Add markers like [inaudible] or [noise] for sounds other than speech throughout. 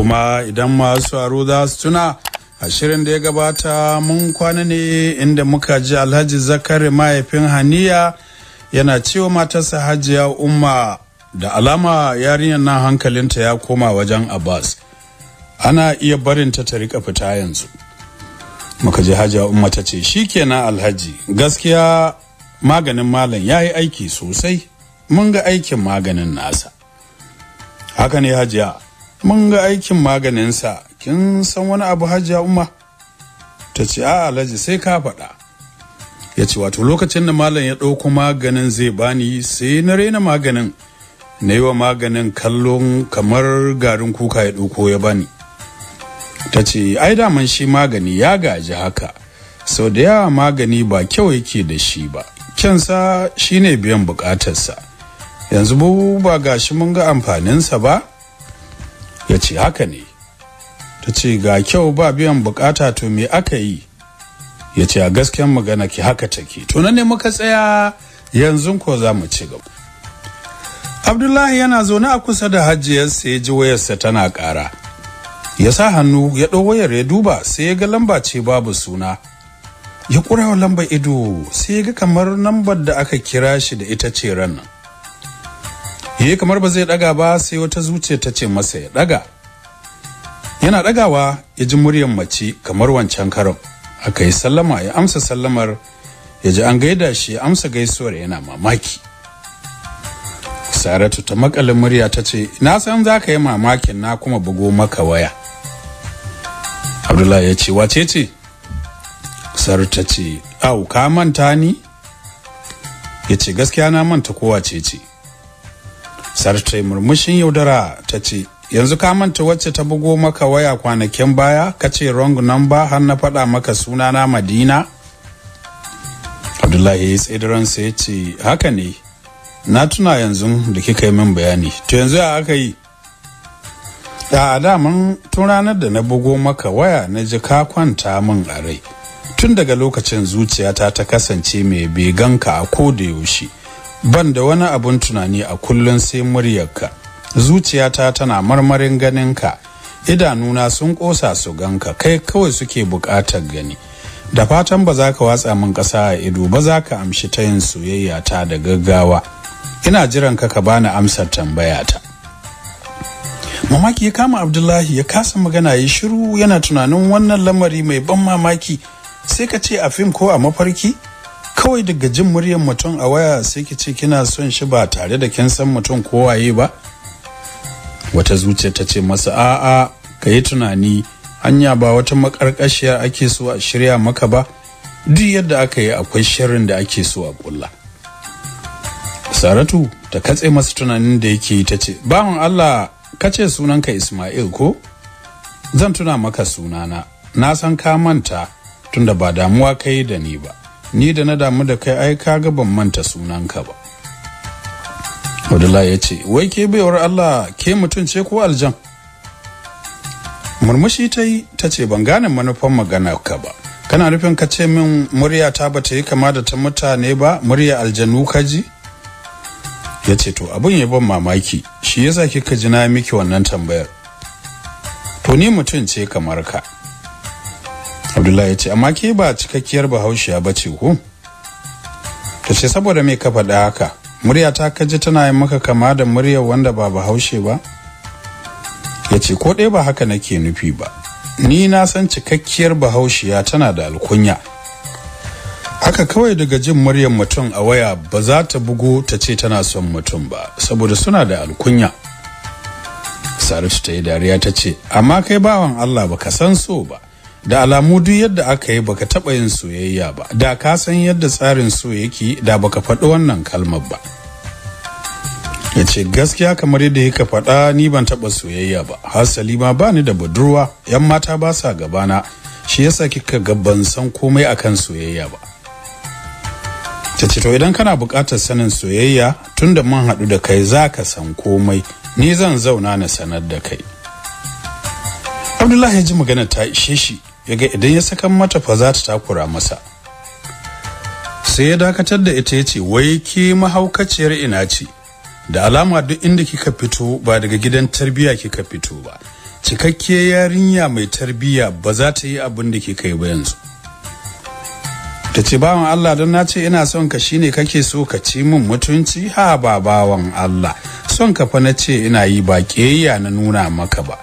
kuma idan masu aro za su tuna a shirin da ya gabata mun kwana ne inda muka ji alhaji zakari mahaifin haniya yana cewa matarsa hajiya umma da alama yarinyar nan hankalinta ya koma wajen abbas ana iya barinta ta rika fita yanzu muka ji hajiya umma ta ce shi shikenan alhaji gaskiya maganin malam ya yi aiki sosai mun ga aikin maganin nasa haka ne hajiya mun ga aikin maganinsa kin san wani abu hajiya umma ta ce a alhaji sai ka faɗa ya ce wato lokacin da malam ya ɗauko maganin zai bani sai na rena maganin na yi wa maganin kallon kamar garin kuka ya ɗauko ya bani ta ce ai daman shi magani ya gaji haka sau da yawa magani ba kyau yake da shi ba kyansa shine biyan bukatarsa yanzu bu ba gashi mun ga amfaninsa ba ya ce haka ne ta ce ga kyau ba biyan bukata to me aka yi ya ce a gasken magana ki haka take to nan ne muka tsaya yanzu ko za mu ci gaba abdullahi yana zaune a kusa da hajjiyarsa sai ji wayarsa tana ƙara ya sa hannu ya ɗau wayar ya duba sai ya ga lamba ce babu suna ya ƙura wa lambar ido sai ya ga kamar lambar da aka kira shi da ita ce ran nan eh kamar ba zai daga ba sai wata zuciya ta ce masa ya daga yana dagawa ya ji muryar mace kamar wancan karon aka yi sallama ya amsa sallamar ya ji an gaida shi ya amsa gaisuwar yana mamaki saratu ta makalin murya ta ce na san za ka yi mamakin na kuma bugo maka waya abdullahi ya ce wace ce saratu ta ce au ka manta ni ya ce gaskiya na manta ko wace ce sartai murmushin yaudara ta ce yanzu ka manta wacce ta bugo maka waya kwanakin baya ka ce wrong number har na faɗa maka sunana madina abdullahi ya tsidiransa ya ce haka ne na tuna yanzu da kika yi min bayani to yanzu ya aka yi da adamun tun ranar da na bugo maka waya na ji ka kwanta min a rai tun daga lokacin zuciyata ta kasance mai beganka a koda yaushe ban da wani abun tunani a kullum sai muryarka zuciyata tana marmarin ganinka idanuna sun ƙosa su ganka kai kawai suke buƙatar gani da fatan ba za ka watsa min ƙasa a ido ba za ka amshi ta yin soyayya ta da gaggawa ina jiran ka ka bani amsar tambayata mamaki ya kama abdullahi ya kasa magana ya shiru yana tunanin wannan lamari mai ban mamaki sai ka ce a fim ko a mafarki kawai daga jin muryar mutum a waya sai ki ce kina son shi ba tare da kin san mutum ko waye ba wata zuciya ta ce masa a'a ka yi tunani hanya ba wata makarkashiya ake so a shirya maka ba duk yadda aka yi akwai shirin da ake so a kulla saratu ta katse masa tunanin da yake yi ta ce bawan allah ka ce sunanka ismail ko zan tuna maka sunana na san ka manta tunda ba damuwa kai da ni ba ni da na damu da kai ai kaga ban manta sunanka ba Abdullahi ya ce wai ke baiwar Allah ke mutun ce ko aljan murmushi ta yi ta ce ban gane manufan magana ka ba kana nufin ka ce min murya ta ba ta yi kama da ta mutane ba murya aljanu ka ji ya ce to abin ya ban mamaki shi yasa kika ji na miki wannan tambayar to ni mutum ce kamar ka abdullahi ya ce amma ke ba cikakkiyar bahaushiya ba ce ko ta ce saboda me ka faɗa haka murya ta kaji tana yin maka kama da muryar wanda ba bahaushe ba ya ce ko ɗaya ba haka nake nufi ba ni na san cikakkiyar bahaushiya tana da alkunya haka kawai daga jin muryar mutum a waya ba za ta bugo ta ce tana son mutum ba saboda suna da alkunya saratu ta yi dariya ta ce amma kai bawan allah ba ka san so ba da alamu duk yadda aka yi baka taɓa yin soyayya ba da ka san yadda tsarin so yake da baka faɗi wannan kalmar ba ya ce gaskiya kamar yadda yaka faɗa ni ban taɓa soyayya ba hasali ma ba ni da budurwa yan mata ba sa gabana shi yasa kika ga ban san komai akan soyayya ba ta ce to idan kana buƙatar sanin soyayya tun da mun haɗu da kai za ka san komai ni zan zauna na sanar da kai abdullahi ya ji magana ta ishe shi yaga idan ya saka mata fa za ta takura masa sai ya dakatar da ita yace wai ki mahaukaciyar ina ce da alama duk inda kika fito ba daga gidan tarbiya kika fito ba cikakke yarinya mai tarbiya ba za ta yi abin da kika yi ba yanzu ta ce bawan Allah don na ce ina son ka shine kake so ka ci min mutunci ha ba bawan Allah son ka fa na ce ina yi ba ƙeya na nuna maka ba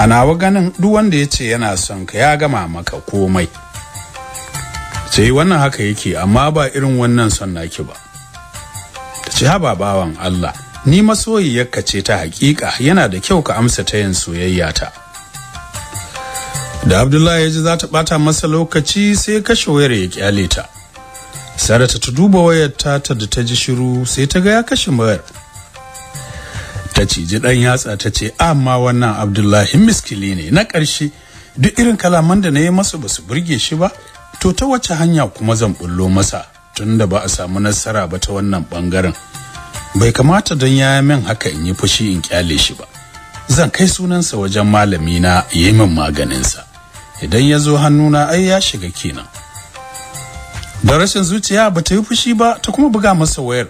a nawa ganin duk wanda ya ce yana son ka ya gama maka komai sai wannan haka yake amma ba irin wannan son naki ba ta ce haba bawan Allah ni masoyiyarka ce ta hakika yana da kyau ka amsa ta yin soyayya ta da abdullahi ya ji za ta bata masa lokaci sai kashe wayar ya kyale ta sarata ta duba wayar ta da ta ji shiru sai ta ga ya kashe mayar ta ji ɗan yatsa ta ce amma wannan abdullahi miskili ne na ƙarshe duk irin kalaman da na yi masa ba su burge shi ba to ta wace hanya kuma zan bullo masa tunda ba a samu nasara ba ta wannan bangaren. bai kamata don ya yi min haka in yi fushi in kyale shi ba zan kai sunansa wajen malami na yi min maganinsa idan ya zo hannuna ai ya shiga kenan da rashin zuciya ba ta yi fushi ba ta kuma buga masa wayar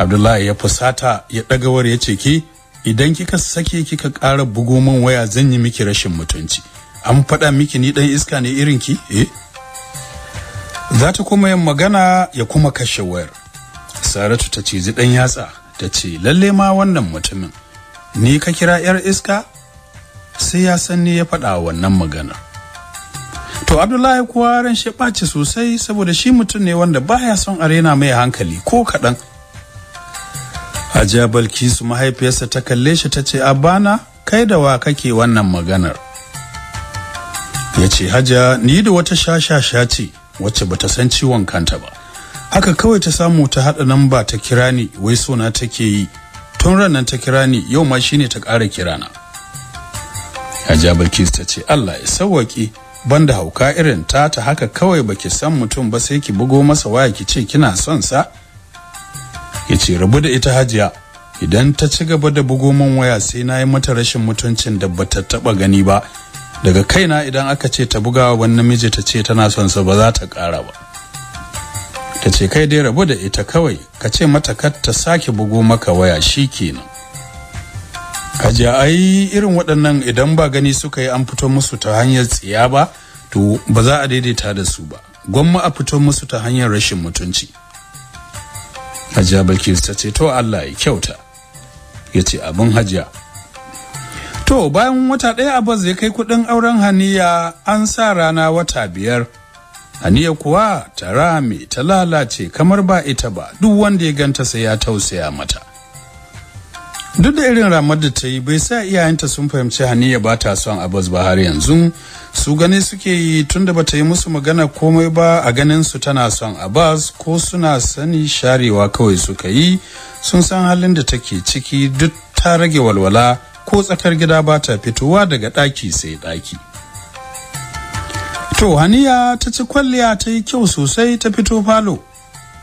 abdullahi ya fusata ya daga ya ce ki idan kika sake kika ƙara bugo min waya zan yi miki rashin mutunci an faɗa miki ni ɗan iska ne irin ki eh za ta kuma yin magana ya kuma kashe wayar saratu ta cizi ɗan yatsa ta ce lalle ma wannan mutumin ni ka kira 'yar iska sai ya san ni ya faɗa wannan magana to abdullahi kuwa ran shi ɓaci sosai saboda shi mutum ne wanda baya son arena mai hankali ko kaɗan hajiya balkisu mahaifiyarsa ta kalle shi ta ce bana kai da wa kake wannan maganar ya ce hajiya ni da wata sha-sha sha ce wacce ba ta san ciwon kanta ba haka kawai ta samu ta haɗa ba ta kira ni wai sona take yi tun ranar ta kira ni yau ma shine ta ƙara kirana hajiya balkisu ta ce allah ya sawwaƙi banda hauka irin ta ta haka kawai baki san mutum ba sai ki bugo masa waya ki ce kina son sa ya ce rabu da ita hajiya idan ta ci gaba da bugo man waya sai na yi mata rashin mutuncin da ba ta taɓa gani ba daga kaina idan aka ce ta buga wani namiji ta ce tana son sa ba za ta ƙara ba ta ce kai dai rabu da ita kawai ka ce mata kar ta sake bugo maka waya shi kenan hajiya ai irin waɗannan idan ba gani suka yi an fito musu ta hanyar tsiya ba to ba za a daidaita da su ba gwamma a fito musu ta hanyar rashin mutunci hajiya balki ta ce to allah ya kyauta ya ce abin hajiya to bayan wata ɗaya a ya kai kuɗin auren haniya an sa rana wata biyar haniya kuwa ta rame ta lalace kamar ba ita ba duk wanda ya ganta sai ya tausaya mata duk da irin ramar da ta yi bai sa iyayenta sun fahimci haniya ba ta son abbas ba har yanzu su gani suke yi tun da bata yi musu magana komai ba a ganin su tana son abbas ko suna sani sharewa kawai suka yi sun san halin da take ciki duk ta rage walwala ko tsakar gida ba ta fitowa daga ɗaki sai ɗaki to haniya ta ci kwalliya ta yi kyau sosai ta fito falo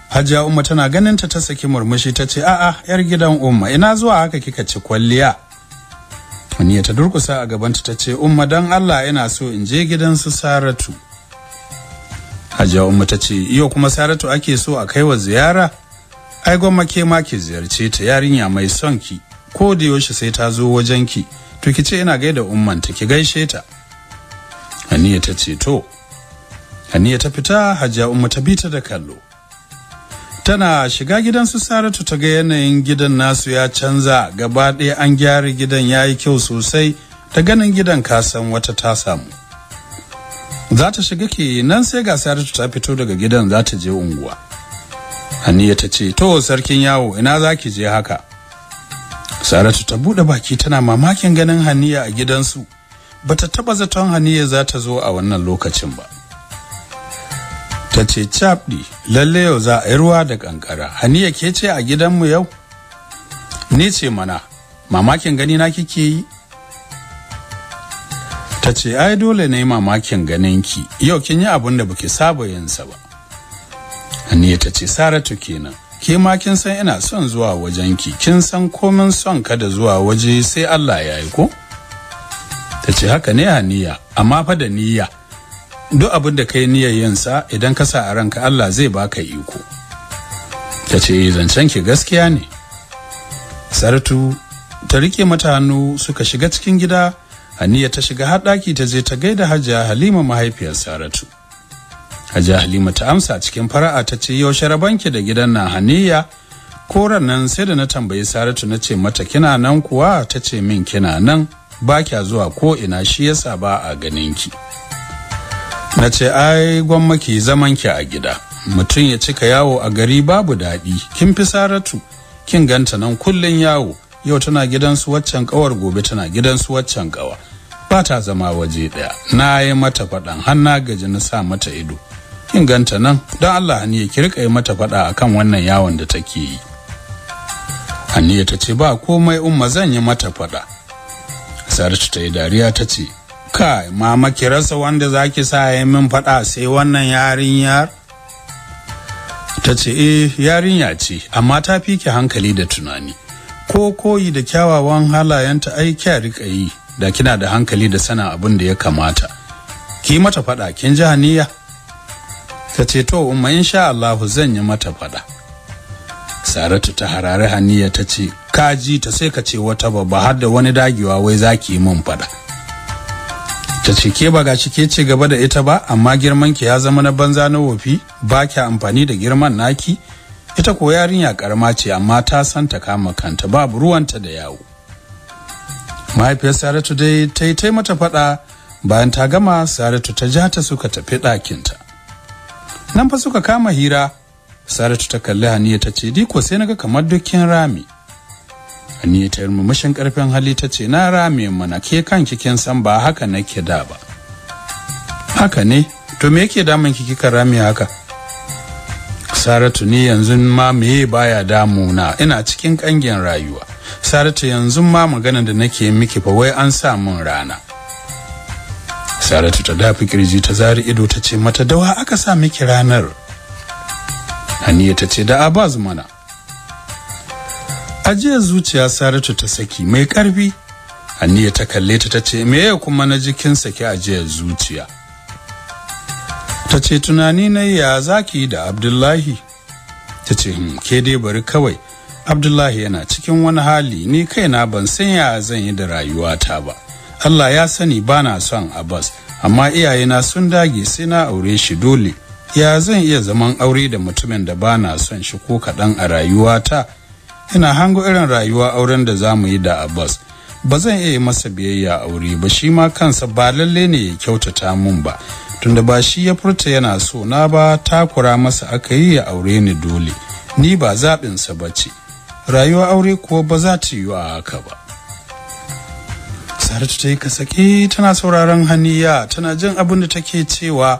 hajiya umma tana ganin ta ta saki murmushi ta ce a'a yar gidan umma ina zuwa haka kika ci kwalliya Muniya ta durkusa a gabanta ta ce umma dan Allah ina so in je gidan su Saratu Hajiya umma ta ce yau kuma Saratu ake so a kai wa ziyara ai gwamma ke ma ki ziyarce ta yarinya mai son ki ko da yaushe sai ta zo wajen ki to ki ce ina gaida umman ta ki gaishe ta ya ta ce to ya ta fita Hajiya umma ta bi ta da kallo tana shiga gidan su saratu ta ga yanayin gidan nasu ya canza gaba ɗaya an gyara gidan ya yi kyau sosai ta ganin gidan kasan wata ta samu za ta shiga ke nan sai ga saratu ta fito daga gidan za ta je unguwa haniya ta ce to sarkin yawo ina za ki je haka saratu ta buɗe baki tana mamakin ganin haniya a gidansu bata taba zaton haniya za ta zo a wannan lokacin ba ta ce cabdi lalle yau za a yi ruwa da kankara haniya ke ce a gidanmu yau ni ce mana mamakin gani na kike yi ta ce ai dole ne mamakin ki, yau kin yi abin da baki saba yinsa ba haniya ta ce saratu kenan ke ma kin san ina son zuwa wajen ki, kin san komin son ka da zuwa waje sai Allah ya yi ko ta ce haka ne haniya amma fa da niyya duk abin da kai niyyar sa idan ka sa a ranka Allah zai baka iko ta ce eh, zancen ki gaskiya ne saratu ta rike mata hannu suka shiga cikin gida haniya ta shiga haɗaki ta je ta gaida hajiya halima mahaifiyar saratu hajja halima ta amsa cikin fara'a ta ce yaushe ki da gidan na haniya koran nan sai da na tambayi saratu na ce mata kina nan kuwa ta ce min kina nan ba kya zuwa ko ina shi yasa ba a ganin ki na ce ai gwammaki zaman ki a gida mutum ya cika yawo a gari babu daɗi kin fi saratu kin ganta nan kullun yawo yau tana gidansu waccan kawar gobe tana gidan su waccan kawa ba ta zama waje ɗaya na yi mata faɗan har na gaji na sa mata ido kin ganta nan don allah ne ki rika yi mata faɗa akan wannan yawon da take yi Haniya ta ce ba komai umma zan yi mata faɗa. Saratu ta yi dariya ta ce kai mama ki rasa wanda zaki sa ya min faɗa sai wannan yarinyar ta ce eh yarinya ce amma ta fi hankali da tunani ko koyi da kyawawan halayenta ai kya rika yi da kina da hankali da sana abin da ya kamata ki mata faɗa kin ji haniya ta ce to umma insha Allah zan yi mata faɗa saratu ta harare haniya ta ce ka ta sai ka ce wata babba har da wani dagewa wai zaki yi min faɗa ta ce ke ba gashi ke ce gaba da ita ba amma girman ki ya zama na banza na wofi ba ki amfani da girman naki ita ko yarinya karama ce amma ta san ta kama kanta babu ruwanta da yawo mahaifiyar saratu dai ta yi ta mata faɗa bayan ta gama saratu ta ja ta suka tafi ɗakinta nan fa suka kama hira saratu ta kalli haniya ta ce diko sai naga kamar dukkin rami ni ta yi murmushin karfin hali ta ce na rame mana ke kan kin san ba haka nake da ba haka ne to me yake damun ki kika rame haka saratu ni yanzu ma me baya damuna ina cikin kangen rayuwa saratu yanzu ma magana da nake miki fa wai an sa mun rana saratu ta dafi kirji ta zari ido ta ce mata dawa aka sa miki ranar haniya ta ce da abaz mana ajiyar zuciya saratu ta saki mai karfi aniya ta kalle ta ta ce meye kuma na jikin saki ajiyar zuciya ta ce tunani na ya zaki da abdullahi ta ce hmm, ke dai bari kawai abdullahi yana cikin wani hali ni kaina ban san ya zan yi da rayuwata ba allah ya sani ba na son abbas amma iyayena sun dage sai na aure shi dole ya zan iya zaman aure da mutumin da ba na son shi ko kaɗan a rayuwata ina hango irin rayuwa auren da za mu yi da abbas ba zan iya yi masa biyayya aure ba shi ma kansa ba lalle ne ya kyautata mun ba tunda ba shi ya furta yana so na ba takura masa aka yi ya aure ni dole ni ba zaɓinsa ba ce rayuwa aure kuwa ba za ta yiwu a haka ba saratu ta yi saki tana sauraron haniya tana jin abin da take cewa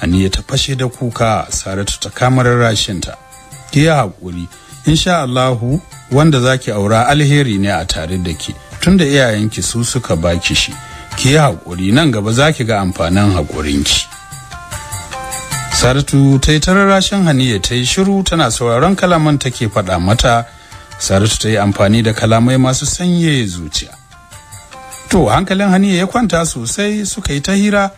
haniya ta fashe da kuka saratu ta kamar rashinta ki haƙuri insha Allahu wanda zaki aura alheri ne a tare da ki tunda iyayenki su suka baki shi ki yi hakuri nan gaba zaki ga amfanin hakurinki. saratu ta yi tararashin haniya ta yi shiru tana sauraron kalaman take faɗa mata saratu ta yi amfani da kalamai masu sanye zuciya to hankalin haniya ya kwanta sosai suka yi ta hira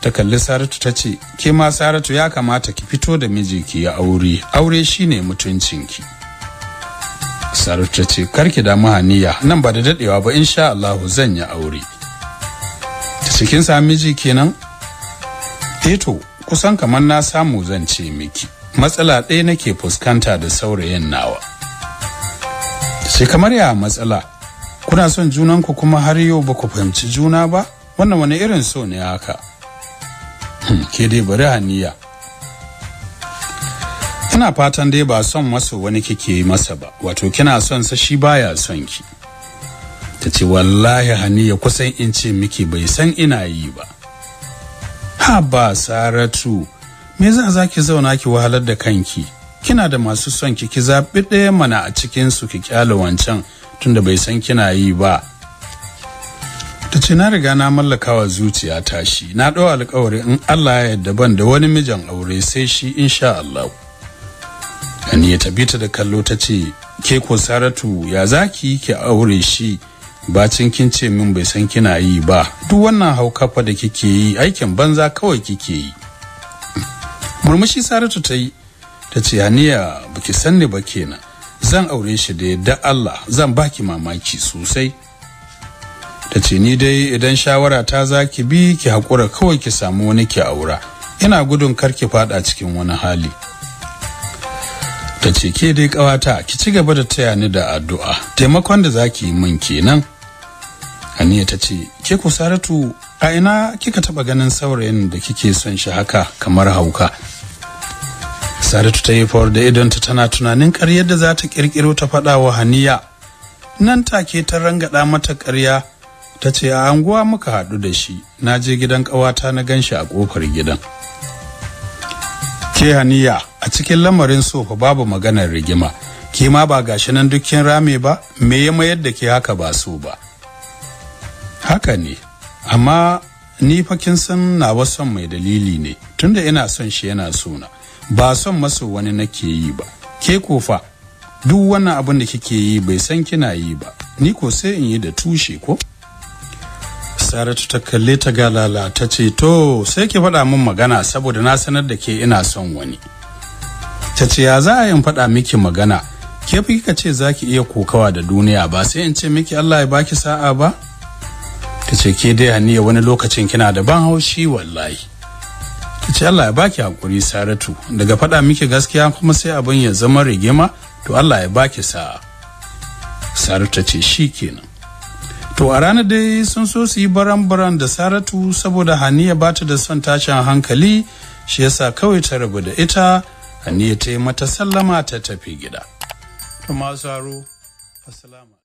ta kalli saratu ta ce ke ma saratu ya kamata ki fito da miji ki ya aure aure shine mutuncinki saratu ta ce karki da mahaniya nan ba da dadewa ba insha Allah zan yi aure ta cikin sa miji kenan eto eh kusan kamar na samu zan ce miki matsala ɗaya nake fuskanta da saurayin nawa ce kamar ya matsala kuna son junanku kuma har yau ba ku fahimci juna ba wannan wani irin so ne haka [clears throat] ke dai bari haniya ina fatan dai ba son masa wani kike yi masa ba wato kina son sa shi baya son ki ta ce wallahi haniya kusan in ce miki bai san ina yi ba ha ba saratu me za za ki zauna ki wahalar da kanki kina da masu son ki ki zaɓi ɗaya mana a cikin su ki kyale wancan tunda bai san kina yi ba ta ce na riga na mallakawa zuciya ta shi na ɗau alkawari in Allah ya yarda ban da wani mijin aure sai shi insha Allah Aniya ta da kallo ta ce ke ko Saratu ya zaki ki aure shi Ba cin kin ce min bai san kina yi ba duk wannan haukafa da kike yi aikin banza kawai kike yi murmushi Saratu ta yi ta ce Haniya baki san ne ba kenan zan aure shi da yadda Allah zan baki mamaki sosai ta ce ni dai idan shawara ta za ki bi ki haƙura kawai ki samu wani ki aura ina gudun kar ki fada cikin wani hali ta ce ke dai ƙawata ki ci gaba da taya ni da addu'a taimakon da za ki yi min kenan Haniya ta ce ke ku saratu a ina kika taɓa ganin saurayin da kike son shi haka kamar hauka saratu ta yi fawar da ta tana tunanin karyar da za ta ƙirƙiro ta faɗa wa haniya nan take ta rangada mata ƙarya ta ce a anguwa muka haɗu da shi na je gidan ƙawata na gan shi a ƙofar gidan ke haniya a cikin lamarin sofa babu maganar rigima ke ma ba gashi nan dukkin rame ba me ya mayar da ke haka ba so ba haka ne amma ni fa kin san na wasan mai dalili ne tunda ina son shi yana so na. ba son maso wani nake yi ba ke kofa duk wannan abin da kike yi bai san kina yi ba ni ko sai in yi da tushe ko saratu ta kalle ta galala ta ce to sai ki faɗa min magana saboda na sanar da ke ina son wani ta ce ya za a yin faɗa miki magana ke fi kika ce za ki iya kokawa da duniya ba sai in ce miki allah ya baki sa'a ba ta ce ke dai haniya wani lokacin kina da ban haushi wallahi ta ce allah ya baki hakuri saratu daga faɗa miki gaskiya kuma sai abin ya zama rigima to allah ya baki sa'a saratu ta ce shi kenan To a ranar dai sun so su yi baran-baran da Saratu saboda Haniya ba ta da son tashin hankali shi yasa kawai ta rabu da ita Haniya ta yi mata sallama ta tafi gida. To masu